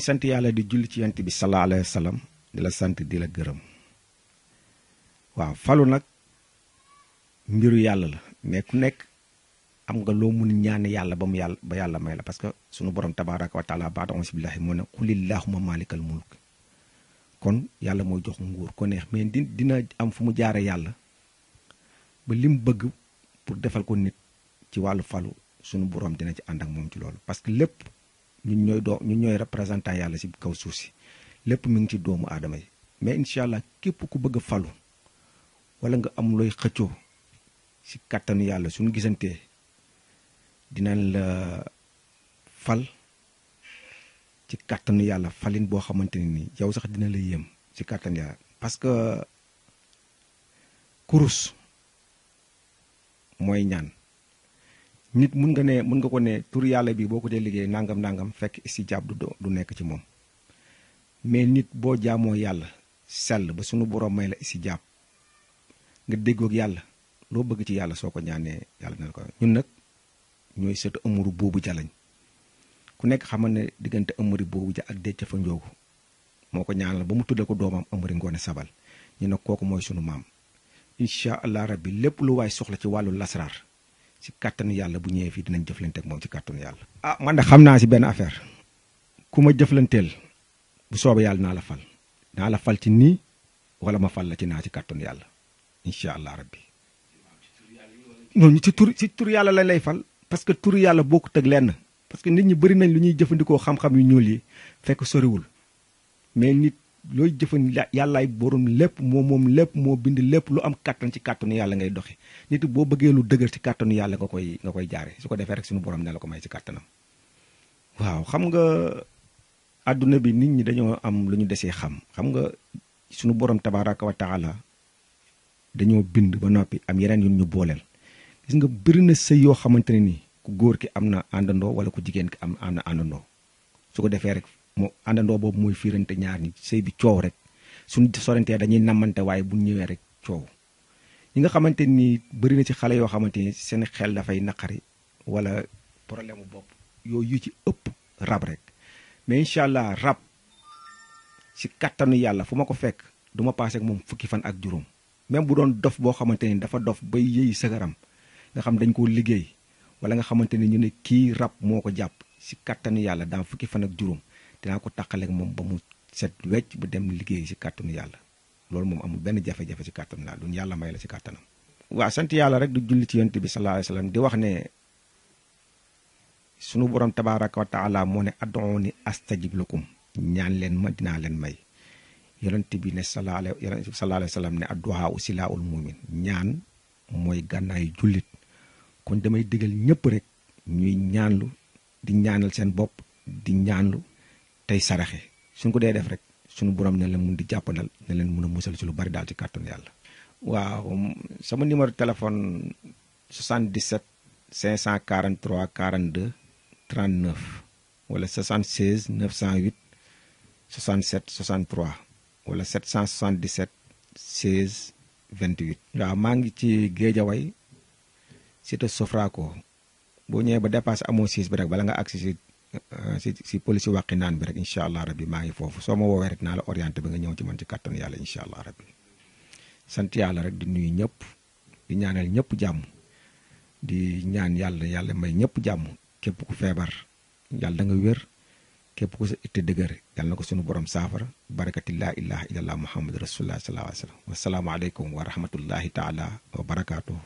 Santi sant yàlla di julli ci yant bi sallallahu alayhi wa di la sant di la gërëm waaw falu nag mbiru yàlla la mais ku nekk am nga loo mun ñaan yàlla ba mu yàlla ba yàlla may la parce que sunu borom tabaraka wa taala baata onsi billahi moo ne malikal mulk kon yàlla mooy jox nguur ko neex mais di dina am fu mu jaare yàlla ba lim bëgg pour defal ko nit ci wàllu falu sunu borom dina ci ànd ak moom ci loolu parce que lépp ñun ñoy do ñun ñoy représentant yalla si kaw suusi lepp mi ngi ci doomu adama yi mais inshallah allah ku bëgg falu wala nga am loy xëccu si katanu yalla suñu gisante dinañ la fal ci katanu yalla falin bo xamanteni ni yow sax dina la yëm ci katan ya parce que kurus moy ñaan nit mun nga ne mun nga ko ne tur yàlla bi boo ko dee liggéey nangam nangam fekk istijaab du du nekk ci moom mais nit boo jaamoo yàlla sell ba sunu borom may la istijaab nga déggoog yàlla loo bëgg ci yàlla soo ko ñaanee yàlla na ko ñun nag ñooy seetu ëmuru boobu jalañ ku nekk xamal ne diggante ëmari boobu ja ak dëcc fa njoogu moo ko ñaanal ba mu tuddee ko doomam ëmari ngoone sabal ñu ne kooku mooy sunu maam incha allah rabbi lépp lu waay soxla ci wàllu lasraar ci kàttanu yàlla bu ñëwee fii dinañ jëflante ak moom ci kàttanu yàlla. ah man de xam naa ci benn affaire ku ma jëflanteel bu soobee yàlla naa la fal naa la fal ci nii wala ma fal la ci naa ci kàttanu yàlla incha allah rabbi noonu ci tur ci tur yàlla lañ lay fal parce que tur yàlla boo ko ak lenn parce que nit ñi bëri nañ lu ñuy jëfandikoo xam-xam yu ñuul yi fekk soriwul mais nit. looy jëfandikoo yàllaay borom lépp moo moom lépp moo bind lépp lu am kàttan ci kàttanu yàlla ngay doxe nit boo bëggee lu dëgër ci kàttanu yàlla nga koy nga koy jaare su ko defee rek suñu borom ne la ko may ci kàttanam waaw xam nga àdduna bi nit ñi dañoo am lu ñu desee xam xam nga suñu borom tabaraka wa taala dañoo bind ba noppi am yeneen yu ñu booleel gis nga bëri na sëy yoo xamante ne ni ku góor ki am na àndandoo wala ku jigéen ki am na àndandoo su ko defee rek mo andando bob moy firante ñaar ni sey bi ciow rek suñ sorante dañuy namante way bu ñewé rek ciow ñi nga xamanteni ni bëri na ci xalé yo xamanteni seen xel fay nakari wala problème bopp yo yu ci upp rab rek mais inshallah rab si kàttanu yàlla fu ko fekk duma passé ak mom fukki fan ak jurum même bu doon dof bo xamanteni dafa dof bay yëy sëgaram nga xam dañ ko liggéey wala nga xamanteni ñu ne ki rab moko japp ci si yalla da fukki fan ak jurum dina ko ak mom ba mu set wecc bu dem liggey ci kàttanu yalla loolu mom amul ben jafe-jafe ci kàttan la lu yalla may la ci kàttanam wa sant yalla rek du julli ci yonent bi sallallahu alayhi wasallam di wax ne sunu borom tabaraka wa taala mo ne ad'uuni astajib lakum ñaan len ma dina len may yonent bi ne sallallahu alayhi wasallam ne usila ul mumin ñaan moy gànnaayu julit kon damay digal ñepp rek ñuy ñaanlu di ñaanal sen bop di ñaanlu tay saraxé suñ ko dé def rek suñu borom ne la mën di jappal ne leen mëna mussal ci lu bari dal ci carton yalla waaw sama numéro téléphone 77 543 42 39 wala 76 908 67 63 wala 777 16 28 waaw maa ngi ci géejaway cité sofraco boo ñëwee ba dépasse amo 6 bi rek bala nga agsi Euh, si si police wàqi naan bi rek incha allah rabbi maa ngi foofu soo ma woowee rek naa la orienté ba nga ñëw ci man ci kàttan yàlla incha allah rabbi sant yàlla rek di nuyu ñëpp di ñaanal ñëpp jàmm di ñaan yàlla yàlla may ñëpp jàmm képp ku feebar yàlla nga wér képp ko sa dëgër yàlla na ko sunu borom saafara barakati laa ilaha illallah muhammad rasulullah sallallahu alayhi wa sallam wasalaamualeykum wa rahmatullahi taala wa barakaatuhu